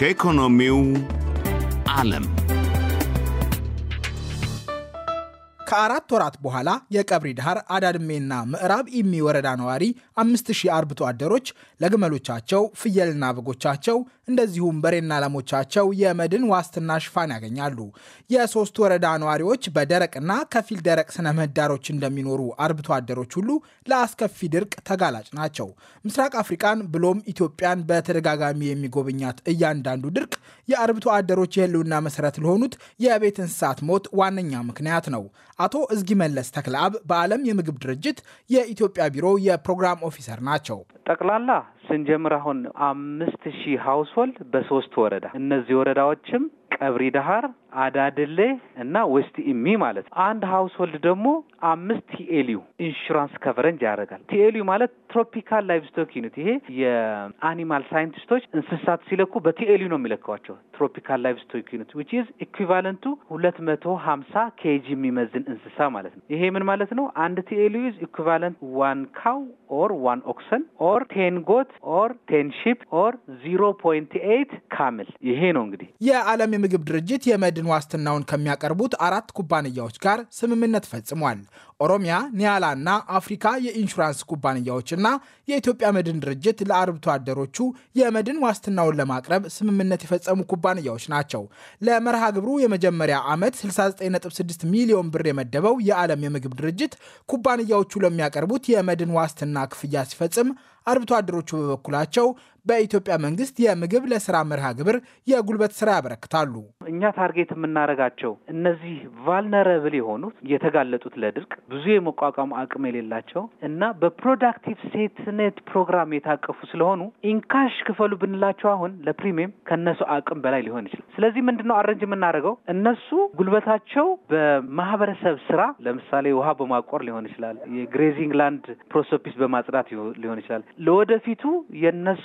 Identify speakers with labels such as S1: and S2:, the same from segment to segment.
S1: ከኢኮኖሚው ዓለም ከአራት ወራት በኋላ የቀብሪ ዳህር አዳድሜና ምዕራብ ኢሚ ወረዳ ነዋሪ አምስት አርብቶ አደሮች ለግመሎቻቸው፣ ፍየልና በጎቻቸው እንደዚሁም በሬና ላሞቻቸው የመድን ዋስትና ሽፋን ያገኛሉ። የሶስት ወረዳ ነዋሪዎች በደረቅና ከፊል ደረቅ ስነ ምህዳሮች እንደሚኖሩ አርብቶ አደሮች ሁሉ ለአስከፊ ድርቅ ተጋላጭ ናቸው። ምስራቅ አፍሪካን ብሎም ኢትዮጵያን በተደጋጋሚ የሚጎበኛት እያንዳንዱ ድርቅ የአርብቶ አደሮች የህልውና መሰረት ለሆኑት የቤት እንስሳት ሞት ዋነኛ ምክንያት ነው። አቶ እዝጊ መለስ ተክለአብ በዓለም የምግብ ድርጅት የኢትዮጵያ ቢሮ የፕሮግራም ኦፊሰር ናቸው።
S2: ጠቅላላ ስንጀምር አሁን አምስት ሺህ ሀውስሆልድ በሶስት ወረዳ እነዚህ ወረዳዎችም ቀብሪ ዳሃር፣ አዳድሌ እና ዌስት ኢሚ ማለት ነው። አንድ ሀውስሆልድ ደግሞ አምስት ቲኤልዩ ኢንሹራንስ ከቨረንጅ ያደርጋል። ቲኤልዩ ማለት ትሮፒካል ስቶክ ዩኒት። ይሄ የአኒማል ሳይንቲስቶች እንስሳት ሲለኩ በቲኤልዩ ነው የሚለካዋቸው። ትሮፒካል ስቶክ ዩኒት ዊች ኢዝ ኢኩቫለንቱ ሁለት መቶ ሀምሳ ኬጂ የሚመዝን እንስሳ ማለት ነው። ይሄ ምን ማለት ነው? አንድ ቲኤልዩ ኢዝ ኢኩቫለንት ዋን ካው ኦር ዋን ኦክሰን ኦር ቴን ጎት ኦር ቴንሺፕ ኦር ዚሮ ፖይንት ኤይት ካምል ይሄ ነው እንግዲህ
S1: የዓለም የምግብ ድርጅት የመድን ዋስትናውን ከሚያቀርቡት አራት ኩባንያዎች ጋር ስምምነት ፈጽሟል። ኦሮሚያ፣ ኒያላ እና አፍሪካ የኢንሹራንስ ኩባንያዎችና የኢትዮጵያ መድን ድርጅት ለአርብቶ አደሮቹ የመድን ዋስትናውን ለማቅረብ ስምምነት የፈጸሙ ኩባንያዎች ናቸው። ለመርሃ ግብሩ የመጀመሪያ ዓመት 696 ሚሊዮን ብር የመደበው የዓለም የምግብ ድርጅት ኩባንያዎቹ ለሚያቀርቡት የመድን ዋስትና ክፍያ ሲፈጽም አርብቶ አደሮቹ በበኩላቸው በኢትዮጵያ መንግስት የምግብ ለስራ መርሃ ግብር የጉልበት ስራ
S2: ያበረክታሉ። እኛ ታርጌት የምናደርጋቸው እነዚህ ቫልነረብል የሆኑት የተጋለጡት ለድርቅ ብዙ የመቋቋም አቅም የሌላቸው እና በፕሮዳክቲቭ ሴትኔት ፕሮግራም የታቀፉ ስለሆኑ ኢንካሽ ክፈሉ ብንላቸው አሁን ለፕሪሚየም ከነሱ አቅም በላይ ሊሆን ይችላል። ስለዚህ ምንድን ነው አረንጅ የምናደርገው እነሱ ጉልበታቸው በማህበረሰብ ስራ ለምሳሌ ውሃ በማቆር ሊሆን ይችላል። የግሬዚንግ ላንድ ፕሮሶፒስ በማጽዳት ሊሆን ይችላል። ለወደፊቱ የነሱ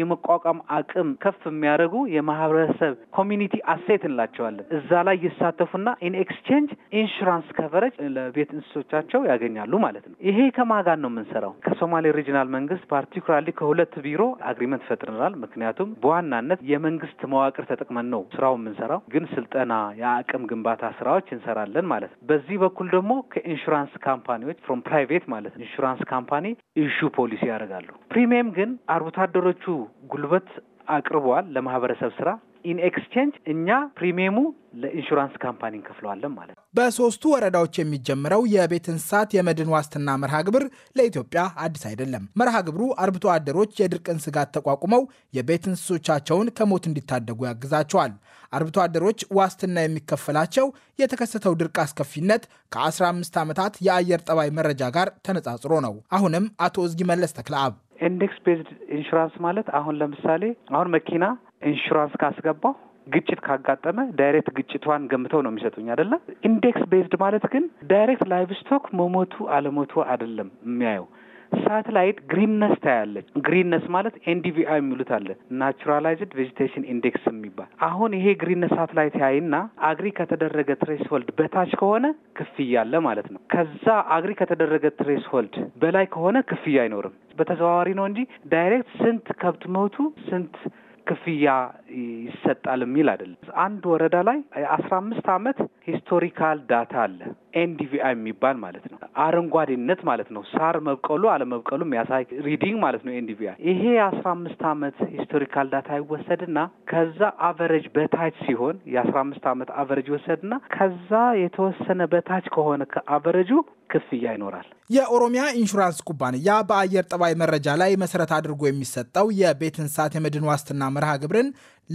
S2: የመቋቋም አቅም ከፍ የሚያደርጉ የማህበረሰብ ኮሚኒቲ አሴት እንላቸዋለን። እዛ ላይ ይሳተፉና ኢን ኤክስቼንጅ ኢንሹራንስ ከቨረጅ ለቤት እንስሶቻቸው ያገኛሉ ማለት ነው። ይሄ ከማጋን ነው የምንሰራው ከሶማሌ ሪጅናል መንግስት ፓርቲኩላርሊ ከሁለት ቢሮ አግሪመንት ፈጥረናል። ምክንያቱም በዋናነት የመንግስት መዋቅር ተጠቅመን ነው ስራው የምንሰራው፣ ግን ስልጠና፣ የአቅም ግንባታ ስራዎች እንሰራለን ማለት ነው። በዚህ በኩል ደግሞ ከኢንሹራንስ ካምፓኒዎች ፍሮም ፕራይቬት ማለት ነው ኢንሹራንስ ካምፓኒ ኢሹ ፖሊሲ ያደርጋሉ። ፕሪሚየም ግን አርብቶ አደሮቹ ጉልበት አቅርቧል ለማህበረሰብ ስራ ኢን ኤክስቼንጅ እኛ ፕሪሚየሙ ለኢንሹራንስ ካምፓኒ እንከፍለዋለን ማለት ነው።
S1: በሶስቱ ወረዳዎች የሚጀምረው የቤት እንስሳት የመድን ዋስትና መርሃ ግብር ለኢትዮጵያ አዲስ አይደለም። መርሃ ግብሩ አርብቶ አደሮች የድርቅን ስጋት ተቋቁመው የቤት እንስሶቻቸውን ከሞት እንዲታደጉ ያግዛቸዋል። አርብቶ አደሮች ዋስትና የሚከፈላቸው የተከሰተው ድርቅ አስከፊነት ከ15 ዓመታት የአየር ጠባይ መረጃ ጋር ተነጻጽሮ ነው። አሁንም አቶ እዝጊ መለስ ተክለአብ ኢንዴክስ
S2: ቤዝድ ኢንሹራንስ ማለት አሁን ለምሳሌ አሁን መኪና ኢንሹራንስ ካስገባው ግጭት ካጋጠመ ዳይሬክት ግጭቷን ገምተው ነው የሚሰጡኝ አይደለም። ኢንዴክስ ቤዝድ ማለት ግን ዳይሬክት ላይቭ ስቶክ መሞቱ አለሞቱ አይደለም የሚያየው ሳተላይት ግሪንነስ ታያለች። ግሪንነስ ማለት ኤንዲቪአይ የሚሉት አለ ናቹራላይዝድ ቬጂቴሽን ኢንዴክስ የሚባል አሁን ይሄ ግሪንነስ ሳተላይት ያይና አግሪ ከተደረገ ትሬስሆልድ በታች ከሆነ ክፍያ አለ ማለት ነው። ከዛ አግሪ ከተደረገ ትሬስሆልድ በላይ ከሆነ ክፍያ አይኖርም። በተዘዋዋሪ ነው እንጂ ዳይሬክት ስንት ከብት ሞቱ ስንት ክፍያ ይሰጣል የሚል አይደለም። አንድ ወረዳ ላይ የአስራ አምስት ዓመት ሂስቶሪካል ዳታ አለ ኤንዲቪአይ የሚባል ማለት ነው። አረንጓዴነት ማለት ነው። ሳር መብቀሉ አለመብቀሉ የሚያሳይ ሪዲንግ ማለት ነው ኤንዲቪአይ። ይሄ የአስራ አምስት ዓመት ሂስቶሪካል ዳታ ይወሰድና ከዛ አቨሬጅ በታች ሲሆን የአስራ አምስት አመት አቨሬጅ ይወሰድና ከዛ የተወሰነ በታች ከሆነ ከአቨሬጁ ክፍያ ይኖራል።
S1: የኦሮሚያ ኢንሹራንስ ኩባንያ በአየር ጠባይ መረጃ ላይ መሰረት አድርጎ የሚሰጠው የቤት እንስሳት የመድን ዋስትና መርሃ ግብርን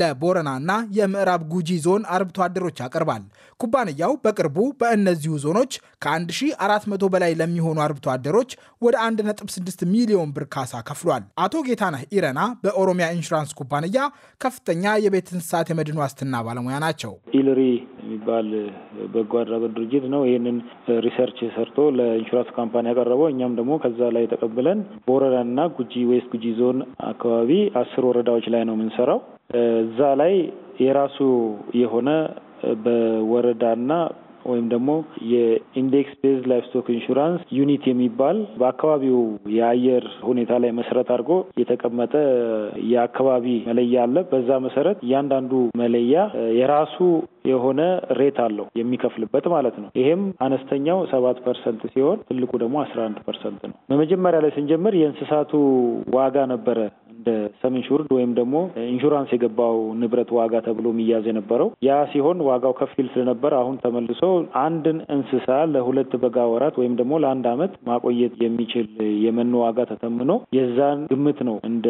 S1: ለቦረናና የምዕራብ ጉጂ ዞን አርብቶ አደሮች ያቀርባል። ኩባንያው በቅርቡ በእነዚሁ ዞኖች ከ1400 በላይ ለሚሆኑ አርብቶ አደሮች ወደ 1.6 ሚሊዮን ብር ካሳ ከፍሏል። አቶ ጌታነህ ኢረና በኦሮሚያ ኢንሹራንስ ኩባንያ ከፍተኛ የቤት እንስሳት የመድን ዋስትና ባለሙያ ናቸው።
S3: ኢልሪ የሚባል በጎ አድራጎት ድርጅት ነው። ይህንን ሪሰርች ሰርቶ ለኢንሹራንስ ካምፓኒ ያቀረበው እኛም ደግሞ ከዛ ላይ ተቀብለን በወረዳና ጉጂ ዌስት ጉጂ ዞን አካባቢ አስር ወረዳዎች ላይ ነው የምንሰራው። እዛ ላይ የራሱ የሆነ በወረዳና ወይም ደግሞ የኢንዴክስ ቤዝ ላይፍ ስቶክ ኢንሹራንስ ዩኒት የሚባል በአካባቢው የአየር ሁኔታ ላይ መሰረት አድርጎ የተቀመጠ የአካባቢ መለያ አለ። በዛ መሰረት እያንዳንዱ መለያ የራሱ የሆነ ሬት አለው የሚከፍልበት ማለት ነው። ይሄም አነስተኛው ሰባት ፐርሰንት ሲሆን ትልቁ ደግሞ አስራ አንድ ፐርሰንት ነው። በመጀመሪያ ላይ ስንጀምር የእንስሳቱ ዋጋ ነበረ እንደ ሰም ኢንሹርድ ወይም ደግሞ ኢንሹራንስ የገባው ንብረት ዋጋ ተብሎ የሚያዝ የነበረው ያ ሲሆን ዋጋው ከፍ ይል ስለነበር አሁን ተመልሶ አንድን እንስሳ ለሁለት በጋ ወራት ወይም ደግሞ ለአንድ አመት ማቆየት የሚችል የመኖ ዋጋ ተተምኖ የዛን ግምት ነው እንደ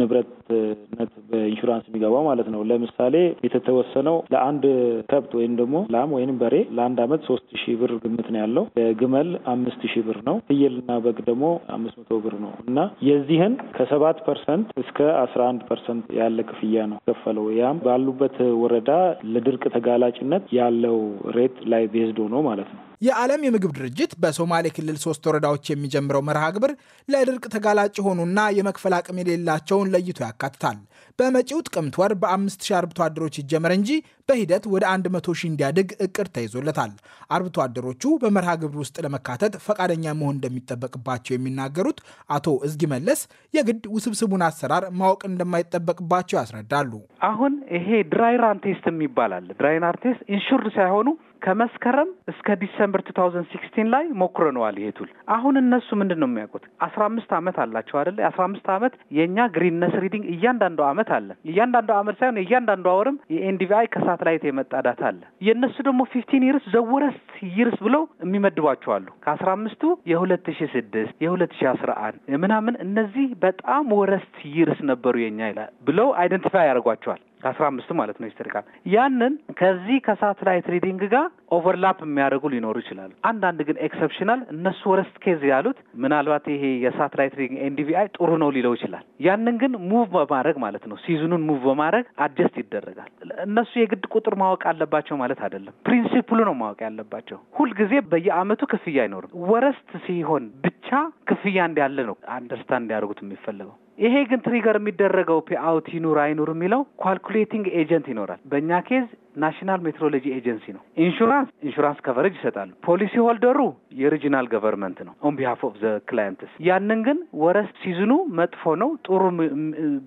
S3: ንብረትነት በኢንሹራንስ የሚገባው ማለት ነው። ለምሳሌ የተተወሰነው ለአንድ ከብት ወይም ደግሞ ላም ወይም በሬ ለአንድ አመት ሶስት ሺህ ብር ግምት ነው ያለው። ግመል አምስት ሺህ ብር ነው። ፍየልና በግ ደግሞ አምስት መቶ ብር ነው እና የዚህን ከሰባት ፐርሰንት ፐርሰንት እስከ አስራ አንድ ፐርሰንት ያለ ክፍያ ነው ከፈለው። ያም ባሉበት ወረዳ ለድርቅ ተጋላጭነት ያለው ሬት ላይ ቤዝዶ ነው ማለት ነው።
S1: የዓለም የምግብ ድርጅት በሶማሌ ክልል ሶስት ወረዳዎች የሚጀምረው መርሃ ግብር ለድርቅ ተጋላጭ የሆኑና የመክፈል አቅም የሌላቸውን ለይቶ ያካትታል። በመጪው ጥቅምት ወር በ ሺህ አርብቶ አደሮች ይጀመር እንጂ በሂደት ወደ አንድ ሺህ እንዲያድግ እቅድ ተይዞለታል። አርብቶ አደሮቹ በመርሃ ግብር ውስጥ ለመካተት ፈቃደኛ መሆን እንደሚጠበቅባቸው የሚናገሩት አቶ እዝጊ መለስ የግድ ውስብስቡን አሰራር ማወቅ እንደማይጠበቅባቸው ያስረዳሉ። አሁን
S2: ይሄ ድራይ ራን ቴስት የሚባል ድራይ ራን ቴስት ኢንሹርድ ሳይሆኑ ከመስከረም እስከ ዲሰምበር ቱ ታውዘንድ ሲክስቲን ላይ ሞክረነዋል። ይሄ ቱል አሁን እነሱ ምንድን ነው የሚያውቁት? አስራ አምስት አመት አላቸው አደለ? የአስራ አምስት አመት የእኛ ግሪንነስ ሪዲንግ እያንዳንዱ አመት አለ። እያንዳንዱ አመት ሳይሆን እያንዳንዱ አወርም የኤንዲቪአይ ከሳትላይት የመጣ ዳታ አለ። የእነሱ ደግሞ ፊፍቲን ይርስ ዘወረስት ይርስ ብለው የሚመድቧቸዋሉ። ከአስራ አምስቱ የሁለት ሺ ስድስት የሁለት ሺ አስራ አንድ ምናምን እነዚህ በጣም ወረስት ይርስ ነበሩ የኛ ይላል ብለው አይደንቲፋይ ያደርጓቸዋል። ከአስራ አምስቱ ማለት ነው ሂስትሪካል ያንን ከዚህ ከሳትላይት ሪዲንግ ጋር ኦቨርላፕ የሚያደርጉ ሊኖሩ ይችላሉ። አንዳንድ ግን ኤክሰፕሽናል እነሱ ወረስት ኬዝ ያሉት ምናልባት ይሄ የሳትላይት ሪዲንግ ኤንዲቪአይ ጥሩ ነው ሊለው ይችላል። ያንን ግን ሙቭ በማድረግ ማለት ነው ሲዝኑን ሙቭ በማድረግ አድጀስት ይደረጋል። እነሱ የግድ ቁጥር ማወቅ አለባቸው ማለት አይደለም። ፕሪንሲፕሉ ነው ማወቅ ያለባቸው። ሁልጊዜ በየአመቱ ክፍያ አይኖርም። ወረስት ሲሆን ብቻ ክፍያ እንዳለ ነው አንደርስታንድ እንዲያደርጉት የሚፈልገው። ይሄ ግን ትሪገር የሚደረገው ፔአውት ይኑር አይኑር የሚለው ኳልኩሌቲንግ ኤጀንት ይኖራል። በእኛ ኬዝ ናሽናል ሜትሮሎጂ ኤጀንሲ ነው። ኢንሹራንስ ኢንሹራንስ ከቨሬጅ ይሰጣሉ። ፖሊሲ ሆልደሩ የሪጂናል ገቨርንመንት ነው ኦን ቢሃፍ ኦፍ ዘ ክላየንትስ። ያንን ግን ወረስ ሲዝኑ መጥፎ ነው ጥሩ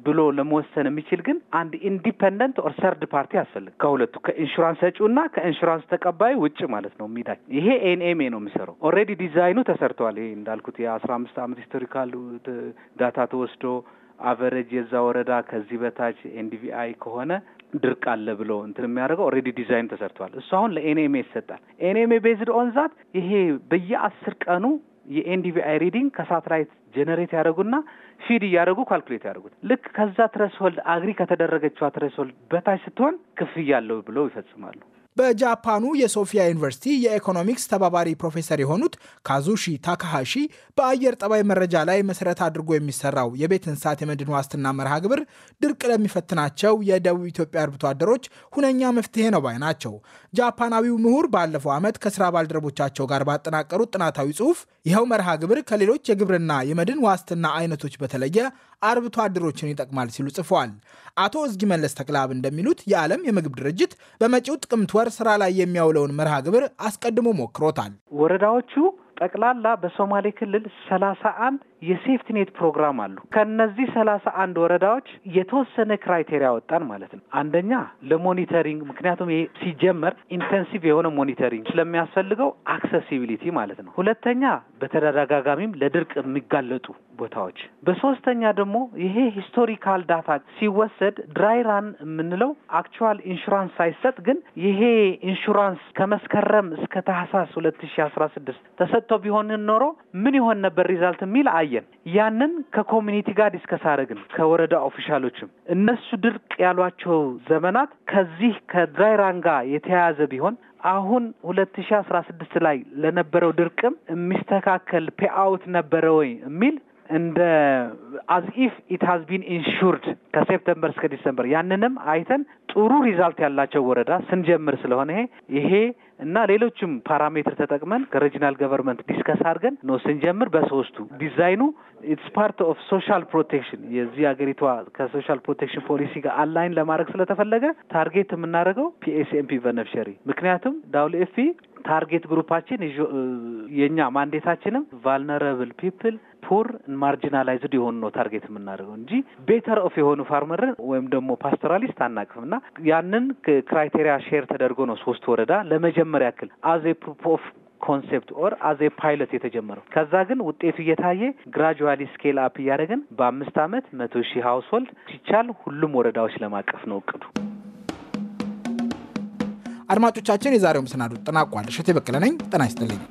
S2: ብሎ ለመወሰን የሚችል ግን አንድ ኢንዲፐንደንት ኦር ሰርድ ፓርቲ ያስፈልግ ከሁለቱ ከኢንሹራንስ ሰጪውና ከኢንሹራንስ ተቀባይ ውጭ ማለት ነው ሚዳ ይሄ ኤንኤምኤ ነው የሚሰራው። ኦልሬዲ ዲዛይኑ ተሰርተዋል። ይሄ እንዳልኩት የአስራ አምስት ዓመት ሂስቶሪካል ዳታ ተወስዶ አቨሬጅ የዛ ወረዳ ከዚህ በታች ኤንዲቪአይ ከሆነ ድርቅ አለ ብሎ እንትን የሚያደርገው ኦልሬዲ ዲዛይን ተሰርተዋል። እሱ አሁን ለኤንኤምኤ ይሰጣል። ኤንኤምኤ ቤዝድ ኦን ዛት ይሄ በየአስር ቀኑ የኤንዲቪአይ ሪዲንግ ከሳትላይት ጀነሬት ያደረጉና ፊድ እያደረጉ ካልኩሌት ያደርጉት ልክ ከዛ ትረስሆልድ አግሪ ከተደረገችዋ ትረስሆልድ በታች ስትሆን ክፍያ አለው ብለው ይፈጽማሉ።
S1: በጃፓኑ የሶፊያ ዩኒቨርሲቲ የኢኮኖሚክስ ተባባሪ ፕሮፌሰር የሆኑት ካዙሺ ታካሃሺ በአየር ጠባይ መረጃ ላይ መሰረት አድርጎ የሚሰራው የቤት እንስሳት የመድን ዋስትና መርሃ ግብር ድርቅ ለሚፈትናቸው የደቡብ ኢትዮጵያ አርብቶ አደሮች ሁነኛ መፍትሄ ነው ባይ ናቸው። ጃፓናዊው ምሁር ባለፈው ዓመት ከስራ ባልደረቦቻቸው ጋር ባጠናቀሩት ጥናታዊ ጽሑፍ ይኸው መርሃ ግብር ከሌሎች የግብርና የመድን ዋስትና አይነቶች በተለየ አርብቶ አደሮችን ይጠቅማል ሲሉ ጽፈዋል። አቶ እዝጊ መለስ ተክለአብ እንደሚሉት የዓለም የምግብ ድርጅት በመጪው ጥቅምት ወር ስራ ላይ የሚያውለውን መርሃ ግብር አስቀድሞ ሞክሮታል።
S2: ወረዳዎቹ ጠቅላላ በሶማሌ ክልል ሰላሳ አንድ ኔት ፕሮግራም አሉ። ከነዚህ ሰላሳ አንድ ወረዳዎች የተወሰነ ክራይቴሪያ ወጣን ማለት ነው። አንደኛ ለሞኒተሪንግ፣ ምክንያቱም ሲጀመር ኢንተንሲቭ የሆነ ሞኒተሪንግ ስለሚያስፈልገው አክሰሲቢሊቲ ማለት ነው። ሁለተኛ በተደጋጋሚም ለድርቅ የሚጋለጡ ቦታዎች፣ በሶስተኛ ደግሞ ይሄ ሂስቶሪካል ዳታ ሲወሰድ ድራይ ራን የምንለው አክቹዋል ኢንሹራንስ ሳይሰጥ ግን ይሄ ኢንሹራንስ ከመስከረም እስከ ታህሳስ ሁለት ሺ አስራ ስድስት ተሰጥቶ ቢሆን ኖሮ ምን ይሆን ነበር ሪዛልት የሚል አየን። ያንን ከኮሚኒቲ ጋር ዲስከስ አደረግን ከወረዳ ኦፊሻሎችም እነሱ ድርቅ ያሏቸው ዘመናት ከዚህ ከድራይራን ጋር የተያያዘ ቢሆን አሁን ሁለት ሺ አስራ ስድስት ላይ ለነበረው ድርቅም የሚስተካከል ፔአውት ነበረ ወይ የሚል እንደ አዝ ኢፍ ኢት ሀዝ ቢን ኢንሹርድ ከሴፕተምበር እስከ ዲሰምበር ያንንም አይተን ጥሩ ሪዛልት ያላቸው ወረዳ ስንጀምር ስለሆነ ይሄ ይሄ እና ሌሎችም ፓራሜትር ተጠቅመን ከሬጂናል ገቨርንመንት ዲስከስ አድርገን ነው ስንጀምር በሶስቱ ዲዛይኑ ኢትስ ፓርት ኦፍ ሶሻል ፕሮቴክሽን የዚህ ሀገሪቷ ከሶሻል ፕሮቴክሽን ፖሊሲ ጋር አላይን ለማድረግ ስለተፈለገ ታርጌት የምናደርገው ፒኤስኤምፒ በነፍሸሪ ምክንያቱም ዳብሊው ታርጌት ግሩፓችን የእኛ ማንዴታችንም ቫልነረብል ፒፕል ፖር ማርጂናላይዝድ የሆኑ ነው ታርጌት የምናደርገው እንጂ ቤተር ኦፍ የሆኑ ፋርመርን ወይም ደግሞ ፓስቶራሊስት አናቅፍም እና ያንን ክራይቴሪያ ሼር ተደርጎ ነው ሶስት ወረዳ ለመጀመሪያ ያክል አዜ ፕሩፍ ኮንሴፕት ኦር አዜ ፓይለት የተጀመረው። ከዛ ግን ውጤቱ እየታየ ግራጁዋሊ ስኬል አፕ እያደረግን በአምስት ዓመት መቶ ሺህ ሀውስሆልድ ሲቻል ሁሉም ወረዳዎች ለማቀፍ ነው እቅዱ።
S1: አድማጮቻችን፣ የዛሬው መሰናዶ ተጠናቋል። እሸቴ በቀለ ነኝ። ጤና ይስጥልኝ።